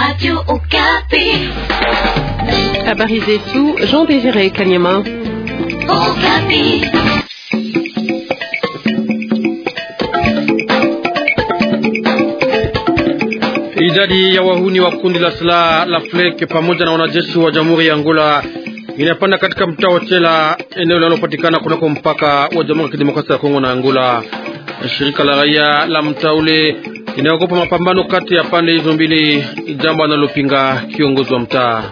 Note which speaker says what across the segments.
Speaker 1: Radio Okapi. Habari zetu, Jean Désiré Kanyama. Okapi.
Speaker 2: Idadi ya wahuni wa kundi la silaha la FLEC pamoja na wanajeshi wa Jamhuri ya Angola inapanda katika mtaa wa Chela, eneo linalopatikana kunako mpaka wa Jamhuri ya Kidemokrasia ya Kongo na Angola. Shirika la raia la mtaa ule inaogopa mapambano kati ya pande hizo mbili, jambo analopinga kiongozi wa mtaa.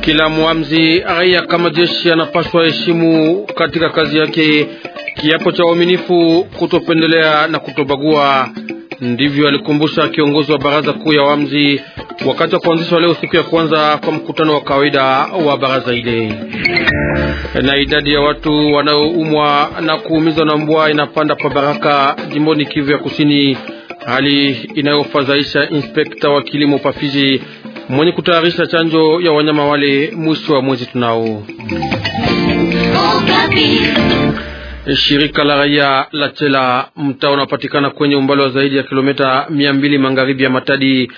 Speaker 2: Kila mwamzi raia kama jeshi anapaswa heshimu katika kazi yake kiapo cha uaminifu, kutopendelea na kutobagua. Ndivyo alikumbusha kiongozi wa baraza kuu ya wamzi wakati wa kuanzishwa leo siku ya kwanza kwa mkutano wa kawaida wa baraza ile. Na idadi ya watu wanaoumwa na kuumizwa na mbwa inapanda pa Baraka, jimboni Kivu ya Kusini, hali inayofadhaisha inspekta wa kilimo pafizi mwenye kutayarisha chanjo ya wanyama wale mwisho wa mwezi tunao. Shirika la raia la Chela, mtaa unapatikana kwenye umbali wa zaidi ya kilomita mia mbili magharibi ya Matadi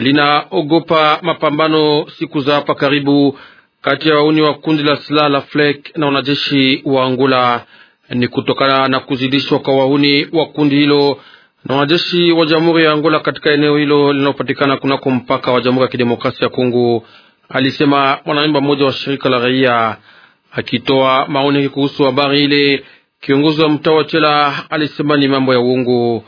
Speaker 2: linaogopa mapambano siku za hapa karibu kati ya wauni wa kundi la silaha la FLEC na wanajeshi wa Angola. Ni kutokana na kuzidishwa kwa wauni wa kundi hilo na wanajeshi wa jamhuri ya Angola katika eneo hilo linalopatikana kunako mpaka wa Jamhuri ya Kidemokrasia ya Kongo, alisema mwanamemba mmoja wa shirika la raia. Akitoa maoni kuhusu habari ile, kiongozi wa mtaa wa Chela alisema ni mambo ya uongo.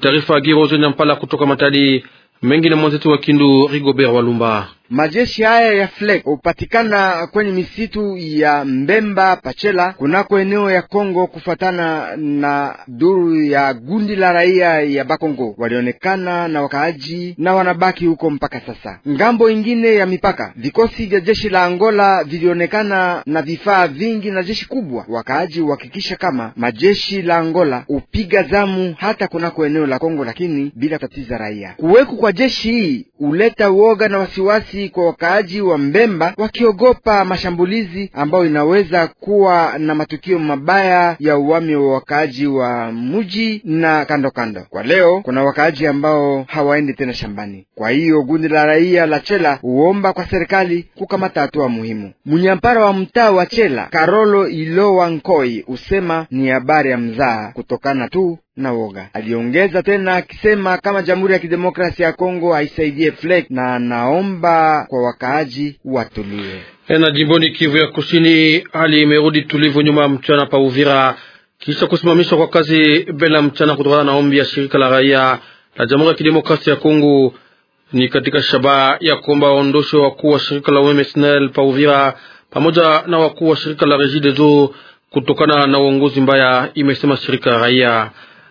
Speaker 2: Taarifa ya Zenya Mpala kutoka Matadi. Mengi na mwenzetu wa Kindu Rigobert Walumba.
Speaker 3: Majeshi haya ya fleg hupatikana kwenye misitu ya Mbemba Pachela kunako eneo ya Kongo, kufatana na duru ya gundi la raia ya Bakongo walionekana na wakaaji na wanabaki huko mpaka sasa. Ngambo ingine ya mipaka, vikosi vya jeshi la Angola vilionekana na vifaa vingi na jeshi kubwa. Wakaaji huhakikisha kama majeshi la Angola hupiga zamu hata kunako eneo la Kongo, lakini bila tatiza raia. Kuweku kwa jeshi hii huleta woga na wasiwasi kwa wakaaji wa Mbemba, wakiogopa mashambulizi ambayo inaweza kuwa na matukio mabaya ya uwami wa wakaaji wa mji na kando kando. Kwa leo kuna wakaaji ambao hawaendi tena shambani. Kwa hiyo gundi la raia la Chela huomba kwa serikali kukamata hatua muhimu. Mnyampara wa mtaa wa Chela Karolo Ilowa Nkoi husema ni habari ya mzaa kutokana tu na woga. Aliongeza tena akisema kama Jamhuri ya Kidemokrasia ya Kongo haisaidie FLEC na naomba kwa wakaaji watulie.
Speaker 2: Na jimboni Kivu ya Kusini, hali imerudi tulivu nyuma ya mchana pa Uvira kisha kusimamishwa kwa kazi bila mchana kutokana na ombi ya shirika la raia la Jamhuri ya Kidemokrasia ya Kongo. Ni katika shabaha ya kuomba waondoshe wakuu wa shirika la umeme SNEL pa Uvira pamoja na wakuu wa shirika la Regideso kutokana na uongozi mbaya, imesema shirika la raia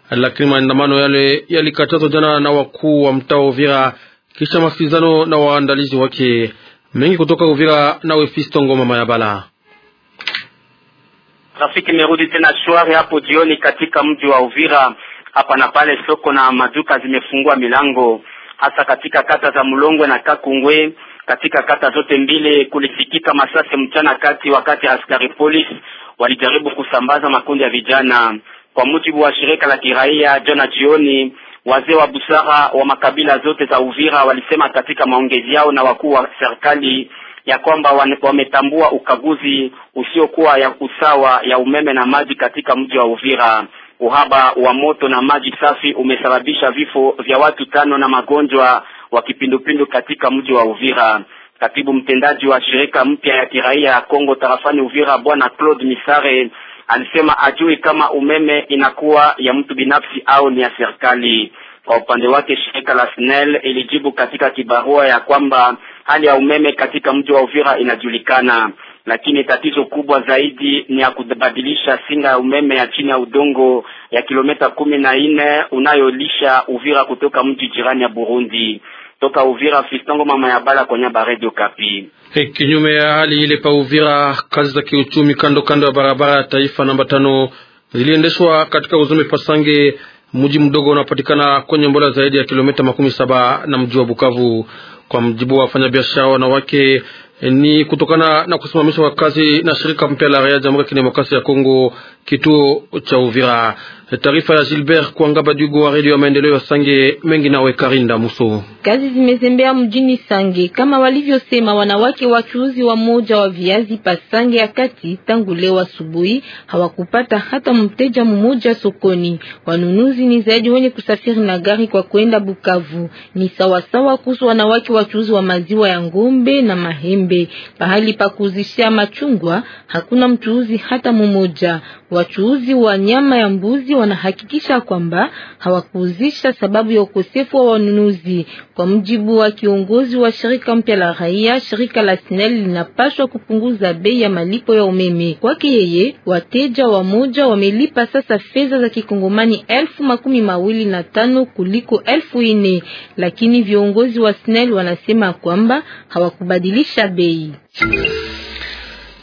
Speaker 2: lakini maandamano yale yalikatazwa jana na wakuu wa mtaa Uvira kisha masikilizano na waandalizi wake mengi kutoka Uvira na Wefisto Ngoma Mayabala.
Speaker 4: Trafiki imerudi tena shwari hapo jioni katika mji wa Uvira. Hapa na pale soko na maduka zimefungua milango, hasa katika kata za Mlongwe na Kakungwe. Katika kata zote mbili kulisikika masasi mchana kati, wakati askari polisi walijaribu kusambaza makundi ya vijana kwa mujibu wa shirika la kiraia, jana jioni, wazee wa busara wa makabila zote za Uvira walisema katika maongezi yao na wakuu wa serikali ya kwamba wametambua ukaguzi usiokuwa ya usawa ya umeme na maji katika mji wa Uvira. Uhaba wa moto na maji safi umesababisha vifo vya watu tano na magonjwa wa kipindupindu katika mji wa Uvira. Katibu mtendaji wa shirika mpya ya kiraia ya Kongo tarafani Uvira, Bwana Claude Misare alisema ajui kama umeme inakuwa ya mtu binafsi au ni ya serikali. Kwa upande wake, shirika la SNEL ilijibu katika kibarua ya kwamba hali ya umeme katika mji wa Uvira inajulikana, lakini tatizo kubwa zaidi ni ya kubadilisha singa ya umeme ya chini ya udongo ya kilomita kumi na nne unayolisha Uvira kutoka mji jirani ya Burundi toka Uvira, Fistongo mama ya bala kwenye ba Radio Kapi.
Speaker 2: Hey, kinyume ya hali ile pa Uvira, kazi za kiuchumi kando kando ya barabara ya taifa namba tano ziliendeshwa katika uzume Pasange, mji mdogo unapatikana kwenye mbola zaidi ya kilomita makumi saba na mji wa Bukavu. Kwa mjibu wa wafanyabiashara wanawake, e, ni kutokana na kusimamishwa kwa kazi na shirika mpya la raia Jamhuri ya Kidemokrasia ya Kongo, kituo cha Uvira. Taarifa ya Gilbert Kwangaba Dugo wa redio ya maendeleo ya Sange mengi nawe Karinda Muso.
Speaker 1: Kazi zimezembea mjini Sange kama walivyosema wanawake wachuuzi wa moja wa viazi pa Sange ya kati, tangu leo asubuhi hawakupata hata mteja mmoja sokoni. Wanunuzi ni zaidi wenye kusafiri na gari kwa kwenda Bukavu. Ni sawasawa kuhusu wanawake wachuuzi wa maziwa ya ngombe na mahembe. Pahali pa kuuzishia machungwa hakuna mchuuzi hata mmoja. Wachuuzi wa nyama ya mbuzi wachuuzi wanahakikisha kwamba hawakuuzisha sababu ya ukosefu wa wanunuzi. Kwa mjibu wa kiongozi wa shirika mpya la raia, shirika la SNEL linapaswa kupunguza bei ya malipo ya umeme. Kwake yeye, wateja wa moja wamelipa sasa fedha za kikongomani elfu makumi mawili na tano kuliko elfu ine, lakini viongozi wa SNEL wanasema kwamba hawakubadilisha bei.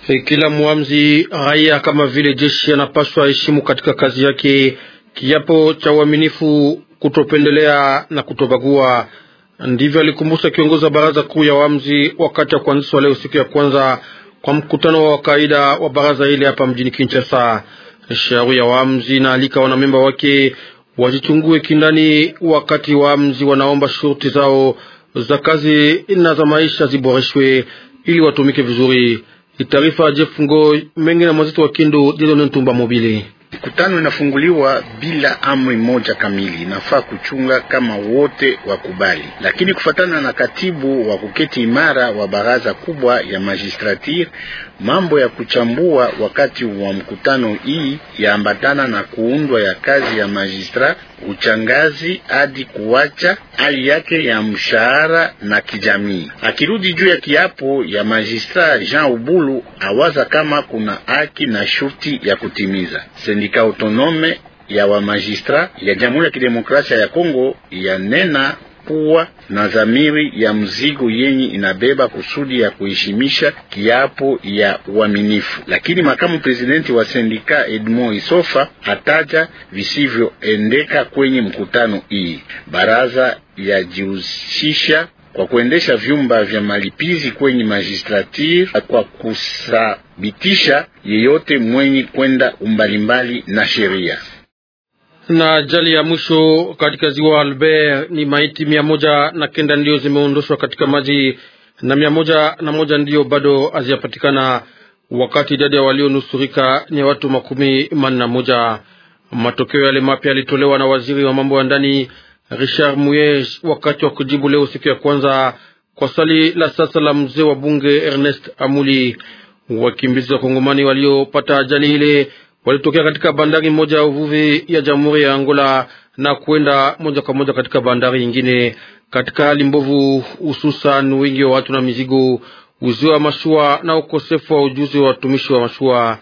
Speaker 2: E, kila muamzi raia kama vile jeshi anapaswa heshimu katika kazi yake kiapo cha uaminifu, kutopendelea na kutobagua. Ndivyo alikumbusha kiongozi wa baraza kuu ya waamzi wakati wa kuanzishwa leo siku ya kwanza kwa mkutano wa kawaida wa baraza ile hapa mjini Kinshasa. Shauri ya waamzi na alika wanamemba wake wajichungue kindani, wakati waamzi wanaomba shurti zao za kazi na za maisha ziboreshwe ili watumike vizuri. Taarifa ya Jeff Ngoi mengi na mwenzetu wa Kindu Dieudonne Ntumba Mobili.
Speaker 5: Mikutano inafunguliwa bila amri moja kamili, inafaa kuchunga kama wote wakubali, lakini kufatana na katibu wa kuketi imara wa baraza kubwa ya magistrature Mambo ya kuchambua wakati wa mkutano hii yaambatana na kuundwa ya kazi ya magistrat, uchangazi hadi kuacha hali yake ya mshahara na kijamii. Akirudi juu ya kiapo ya magistrat, Jean Ubulu awaza kama kuna haki na shurti ya kutimiza. Sendika autonome ya majistra ya Jamhuri ya Kidemokrasia ya Kongo yanena kuwa na dhamiri ya mzigo yenye inabeba kusudi ya kuheshimisha kiapo ya uaminifu. Lakini makamu presidenti wa sendika Edmond Isofa hataja visivyoendeka kwenye mkutano hii. Baraza yajihusisha kwa kuendesha vyumba vya malipizi kwenye magistrature kwa kusabitisha yeyote mwenye kwenda umbalimbali na sheria.
Speaker 2: Na ajali ya mwisho katika ziwa Albert ni maiti mia moja na kenda ndiyo zimeondoshwa katika maji na mia moja na moja ndiyo bado hazijapatikana, wakati idadi ya walionusurika ni watu makumi manne na moja. Matokeo yale mapya yalitolewa na waziri wa mambo ya ndani Richard Muyege wakati wa kujibu leo siku ya kwanza kwa swali la sasa la mzee wa bunge Ernest Amuli. Wakimbizi wa Kongomani waliopata ajali ile walitokea katika bandari moja ya uvuvi ya Jamhuri ya Angola na kwenda moja kwa moja katika bandari nyingine katika hali mbovu, hususan wingi wa watu na mizigo, uzio wa mashua na ukosefu wa ujuzi wa watumishi wa mashua.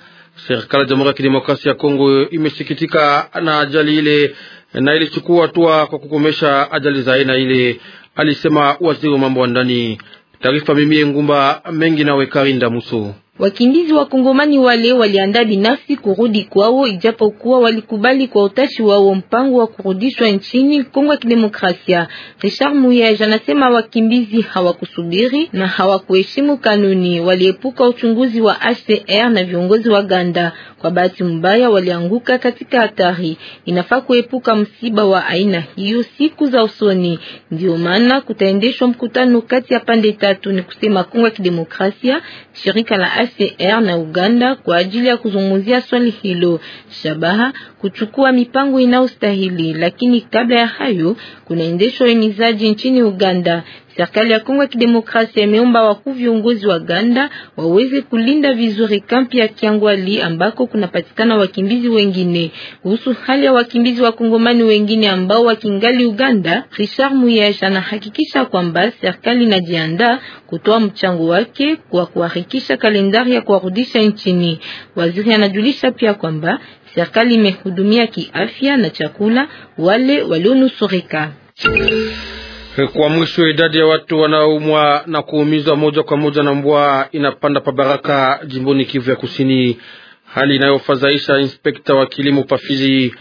Speaker 2: Serikali ya Jamhuri ya Kidemokrasia ya Kongo imesikitika na ajali ile na ilichukua hatua kwa kukomesha ajali za aina ile, alisema waziri wa mambo wa ndani. Taarifa mimi Ngumba mengi na wekari ndamuso
Speaker 1: Wakimbizi wa Kongomani wale waliandaa binafsi kurudi kwao, ijapokuwa walikubali kwa utashi wao mpango wa kurudishwa nchini Kongo ya Kidemokrasia. Richard Muyeja anasema wakimbizi hawakusubiri na hawakuheshimu kanuni, waliepuka uchunguzi wa HCR na viongozi wa Ganda. Kwa bahati mbaya, walianguka katika hatari. Inafaa kuepuka msiba wa aina hiyo siku za usoni. Ndio maana kutaendeshwa mkutano kati ya pande tatu, ni kusema Kongo ya Kidemokrasia, shirika la cr na Uganda kwa ajili ya kuzungumzia swali hilo, shabaha kuchukua mipango inayostahili. Lakini kabla ya hayo, kunaendeshwa uhimizaji nchini Uganda Serikali ya Kongo ya Kidemokrasia imeomba wakuu viongozi wa Uganda waweze kulinda vizuri kampi ya Kiangwali ambako kunapatikana wakimbizi wengine. Kuhusu hali ya wakimbizi wa Kongomani wengine ambao wakingali Uganda, Richard Muyesha anahakikisha kwamba serikali inajiandaa kutoa mchango wake kwa kuharakisha kalendari ya kuwarudisha nchini. Waziri anajulisha pia kwamba serikali imehudumia kiafya na chakula wale walionusurika.
Speaker 2: Kwa mwisho, idadi ya watu wanaoumwa na kuumizwa moja kwa moja na mbwa inapanda pa Baraka, jimboni Kivu ya Kusini, hali inayofadhaisha inspekta wa kilimo Pafizi.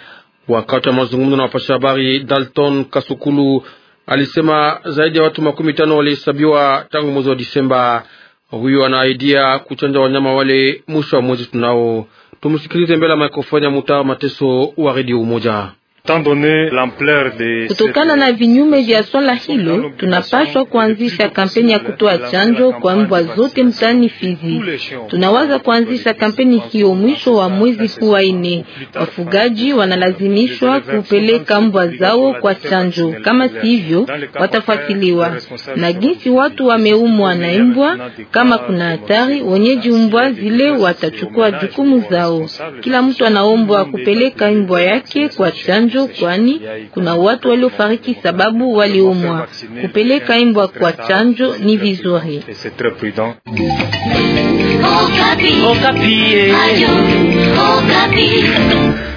Speaker 2: Wakati wa mazungumzo na wapasha habari, Dalton Kasukulu alisema zaidi ya watu makumi tano walihesabiwa tangu mwezi wa Disemba. Huyo anaaidia kuchanja wanyama wale mwisho wa mwezi tunao. Tumsikilize mbele ya mikrofoni ya Mutaa Mateso wa Redio Umoja. Kutokana
Speaker 1: na vinyume vya swala hilo, tunapaswa kuanzisha kampeni ya kutoa chanjo kwa mbwa zote mtaani Fizi. Tunawaza kuanzisha kampeni hiyo mwisho wa mwezi huu wa nne. Wafugaji wanalazimishwa kupeleka mbwa zao kwa chanjo, kama sivyo watafuatiliwa na jinsi watu wameumwa na mbwa. Kama kuna hatari, wenyeji mbwa zile watachukua jukumu zao. Kila mtu anaombwa kupeleka mbwa yake kwa chanjo chanjo, kwani kuna watu waliofariki sababu waliumwa. Kupeleka imbwa kwa chanjo ni vizuri.
Speaker 5: Okapi.
Speaker 4: Okapi.